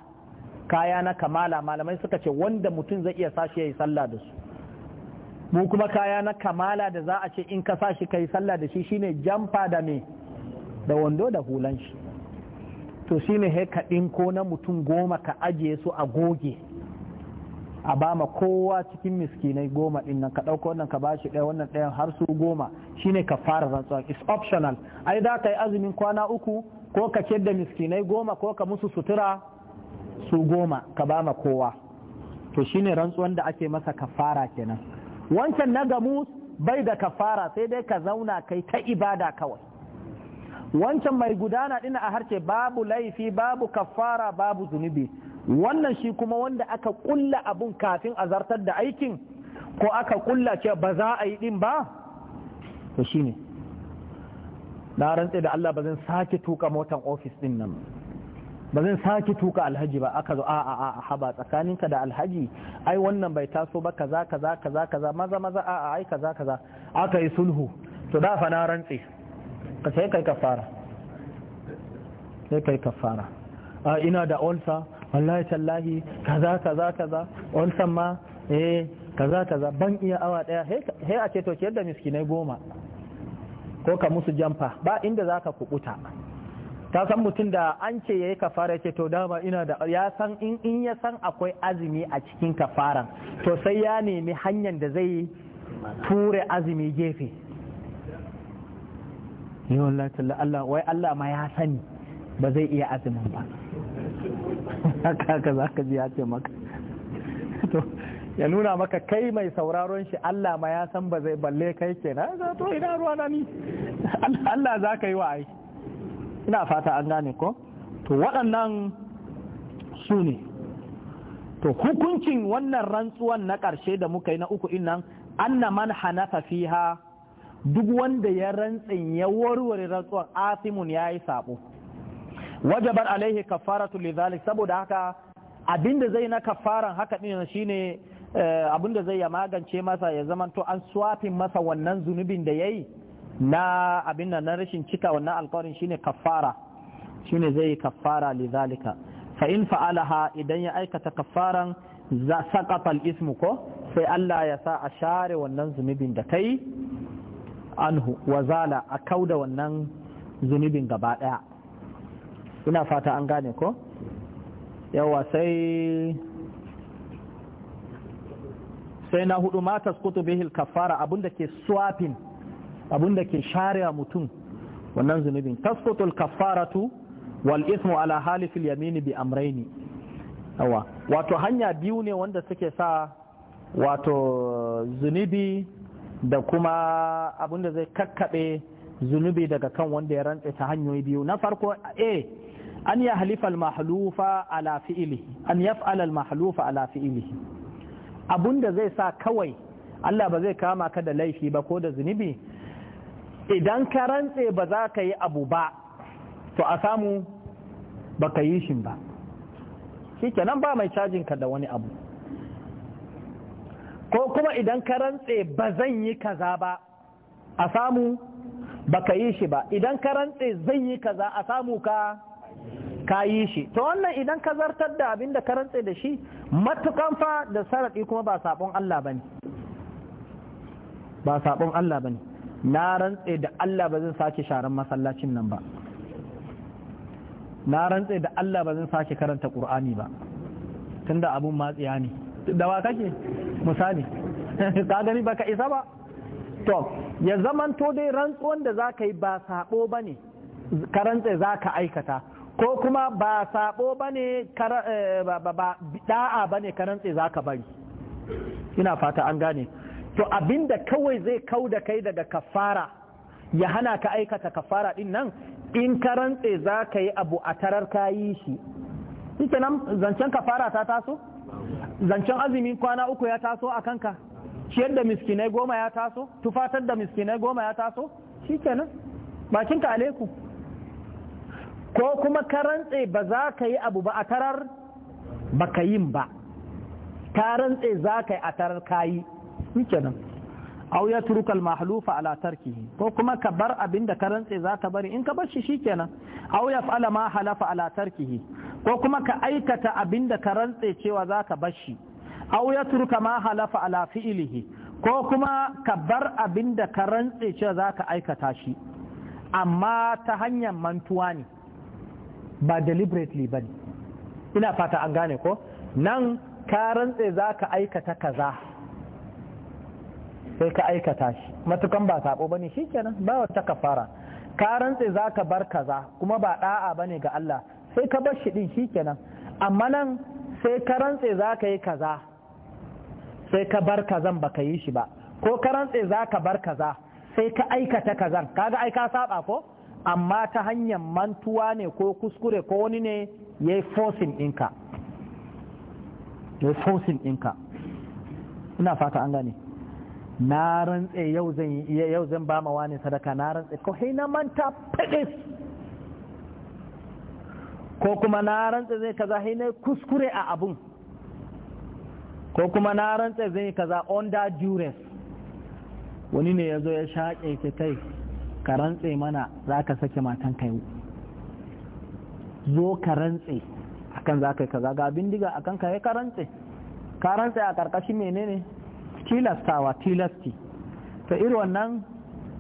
kaya na kamala malamai suka ce wanda mutum zai iya sashi ya yi sallah da su mu kuma kaya na kamala da za a ce in ka sashi ka yi sallah da shi shine jamfa da me da wando da hulan shi to shine he ɗin ko na mutum goma ka ajiye su a goge a bama kowa cikin miskinai goma din nan ka ɗauko wannan ka bashi ɗaya wannan ɗayan har su goma shine ka fara rantsuwa is optional ai za ka yi azumin kwana uku ko ka ce da miskinai goma ko ka musu sutura su goma ka ba ma kowa to shine rantsuwan da ake masa kafara kenan wancan na gamu bai da kafara sai dai ka zauna kai ta ibada kawai wancan mai gudana dina a harce babu laifi babu kafara babu zunubi wannan shi kuma wanda aka kulla abun kafin a zartar da aikin ko aka kulla ce ba za a yi din ba to shine na rantse da Allah ba zan sake tuka motan ofis din nan ba zan sake tuka alhaji ba aka zo a a a haba tsakaninka da alhaji ai wannan bai taso ba kaza kaza kaza kaza maza maza a a ai kaza kaza aka yi sulhu to da fa na rantse ka sai kai kafara sai kai kafara a ina da ulsa wallahi tallahi kaza kaza kaza ulsan ma eh kaza kaza ban iya awa daya he a ce to ke da miskinai goma ko ka musu jamfa ba inda zaka kubuta ta san mutum da an ce ya yi kafara ce to dama ina da ya san in in ya san akwai azumi a cikin kafaran to sai ya nemi hanyar da zai ture azumi gefe ni wallahi tallah Allah wai Allah ma ya sani ba zai iya azumin ba haka za ka ji ya ce maka to ya nuna maka kai mai sauraron shi Allah ma ya san ba zai balle kai kenan to ina ruwa na ni Allah za ka yi wa aiki ina fata an gane ko to waɗannan su ne to hukuncin wannan rantsuwan na ƙarshe da muka yi na uku innan anna man hanafa fiha duk wanda ya rantsin ya warware rantsuwan asimun ya yi sabo wajabar alaihi kafaratu lizalik saboda haka abinda zai na kafaran haka din shine eh, abinda zai ya magance masa ya zamanto an swafin masa wannan zunubin da yayi na abin nan na rashin cika wannan alkawarin shine kaffara shine zai yi kaffara li zalika fa in fa'alaha idan ya aikata kaffaran za saqata al ismu ko sai Allah ya sa a share wannan zunubin da kai anhu wa zala a kauda wannan zunubin gaba daya ina fata an gane ko yawa sai sai na hudu ma tasqutu bihi al kaffara abinda ke swapping abinda ke share mutum wannan zunubin tasqutul kaffaratu wal ismu ala halifil yamini bi amraini awa wato hanya biyu ne wanda suke sa wato zunubi da kuma abinda zai kakkabe zunubi daga kan wanda ya rantse ta hanyoyi biyu na farko a an ya halifal mahalufa mahlufa ala fi'ilihi an yaf'al mahalufa mahlufa ala Abun da zai sa kawai Allah ba zai kama ka da laifi ba ko da zunubi idan ka rantse ba za ka yi abu ba to a samu ba ka yi shi ba shi kenan ba mai cajin ka da wani abu ko kuma idan ka rantse ba zan yi kaza ba a samu ba ka yi shi ba idan ka rantse zan yi kaza a samu ka ka yi shi to wannan idan ka zartar da abin da ka rantse da shi matukan fa da saradi kuma ba sabon Allah bane ba sabon Allah bane na rantse da Allah ba zan sake sharan masallacin nan ba na rantse da Allah ba zan sake karanta Qur'ani ba tunda abun matsiya ne da wa kake misali ka gani baka isa ba to ya zaman to dai rantsuwan da zaka yi ba sabo bane ka rantse zaka aikata ko kuma ba sabo bane eh, ba da'a bane ka rantse zaka bari ina fata an gane to abinda kawai zai kau da kai daga kafara ya hana ka aikata kafara din nan in ka rantse za ka yi abu a tarar ka yi shi ita nan zancen kafara ta taso zancen azumin kwana uku ya taso a kanka ciyar da miskinai goma ya taso tufatar da miskinai goma ya taso shi kenan bakin ka aleku ko kuma ka rantse ba za ka yi abu ba a tarar ba ka yin ba ta rantse za ka yi a tarar ka yi shikenan aw ya turkal mahlufa ala tarkihi ko kuma ka bar abin ka rantse za ka bari in ka bar shi shikenan aw ya fa'ala ma halafa ala tarkihi ko kuma ka aikata abin da ka rantse cewa za ka bar shi aw ya turka ma halafa ala fi'lihi ko kuma ka bar abin ka rantse cewa za ka aikata shi amma ta hanyar mantuwa ne ba deliberately ba ina fata an gane ko nan ka rantse za ka aikata kaza sai ka aikata shi matukan ba sabo bane shikenan ba wata kafara ka rantse zaka bar kaza kuma ba da'a bane ga Allah sai ka bar shi din shikenan amma nan sai ka rantse zaka yi kaza sai ka bar kazan baka yi shi ba ko ka rantse zaka bar kaza sai ka aikata kazan kaga ai ka saba ko amma ta hanyar mantuwa ne ko kuskure ko wani ne yayi forcing ɗinka yayi forcing ɗinka ina fata an gane na rantse yau zan yau zan ba mawa wani sadaka na rantse ko hei na manta fadis ko kuma na rantse zai kaza hei na kuskure a abun ko kuma na rantse zai kaza under duress wani ne ya zo ya shaƙe ta kai ka rantse mana za ka sake matan kai zo ka rantse akan za ka yi kaza ga bindiga akan ka yi ka rantse ka rantse a karkashin menene tilastawa tilasti ta iri wannan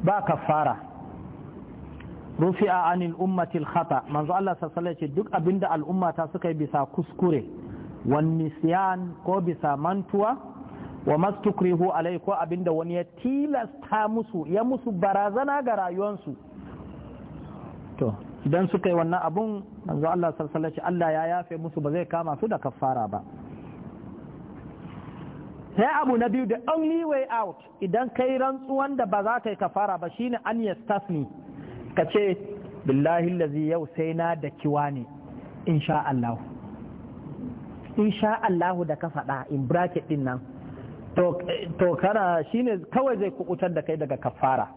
ba kafara a anin ummatil khata manzo Allah sallallahu ce duk abinda al'umma ta suka yi bisa kuskure wani siyan, ko bisa mantuwa wa mastukrihu alai ko abinda wani ya tilasta musu ya musu barazana ga rayuwarsu to idan suka yi wannan abun manzo Allah sallallahu Allah ya yafe musu ba zai kama su da kafara ba sai abu na biyu the only way out idan kai rantsuwan da ba za ka yi kafara ba shine an stafni ka ce billahi lazi yau sai na da kiwa ne insha Allah insha Allah da ka faɗa in bracket din nan to kana shine kawai zai kukutar da kai daga kafara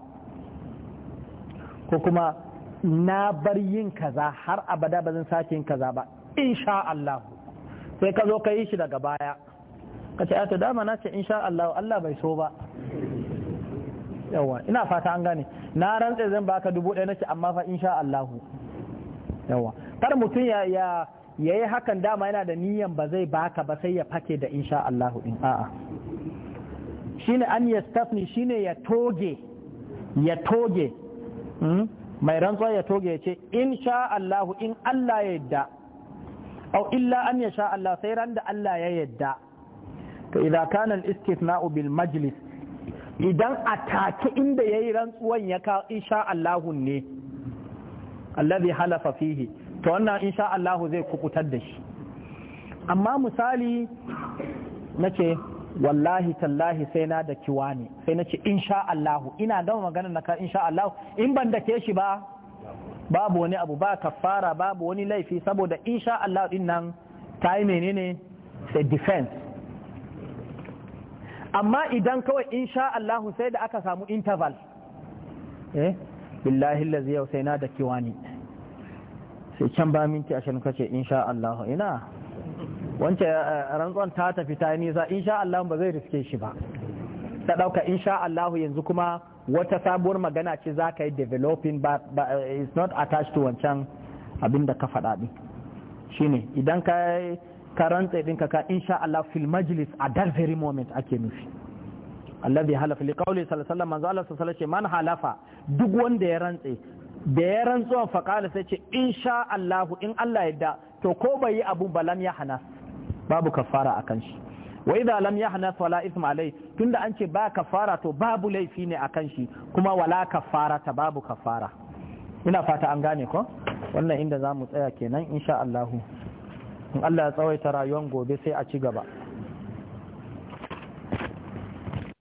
ko kuma na bar yin kaza har abada ba zan sake yin kaza ba insha Allah sai ka zo ka yi shi daga baya ka ce to dama na ce insha Allah Allah bai so ba yawa ina fata an gane na rantse zan baka dubu ɗaya ce amma fa insha Allah yawa kar mutum ya ya yayi hakan dama yana da niyan ba zai baka ba sai ya fake da insha Allah in a'a shine an yastafni shine ya toge ya toge hmm? mai rantsuwa ya toge ya ce in sha Allahu in Allah ya yadda au illa an ya sha Allah sai ran da Allah ya yadda to idan kana al bil majlis idan atake inda yayi rantsuwan ya ka insha Allah ne alladhi halafa fihi to wannan insha Allah zai kukutar da shi amma misali nace wallahi tallahi sai na da kiwa ne sai na ce insha Allah ina gama magana na ka insha Allah in ban da ke shi ba babu wani abu ba kafara babu wani laifi saboda insha Allah din nan ta yi menene sai defense amma idan kawai sha Allah sai da aka samu interval eh billahi allazi yau sai na da kiwani sai can ba minti a shan kace sha Allah ina wance eh, eh, rantsuwan ta tafi ta nisa sha Allah ba zai riske shi ba ta dauka sha Allah yanzu kuma wata sabuwar magana ce za ka yi developing but, but eh, it's not attached to wancan abin da ka faɗaɗi. ɗin shine idan ka ka rantsa ɗinka ka insha Allah fil majlis a that very moment ake nufi Allah ya halafa li qawli sallallahu alaihi manzo Allah sallallahu alaihi man halafa duk wanda ya rantse da ya rantsuwan faqala sai ce insha Allah in Allah ya da to ko bai yi abu ba lam yahna babu kafara akan shi wa idza lam yahna fala ithma alai tunda an ce ba kafara to babu laifi ne akan shi kuma wala kafara ta babu kafara ina fata an gane ko wannan inda zamu tsaya kenan insha Allah in Allah ya tsawaita rayuwan gobe sai a ci gaba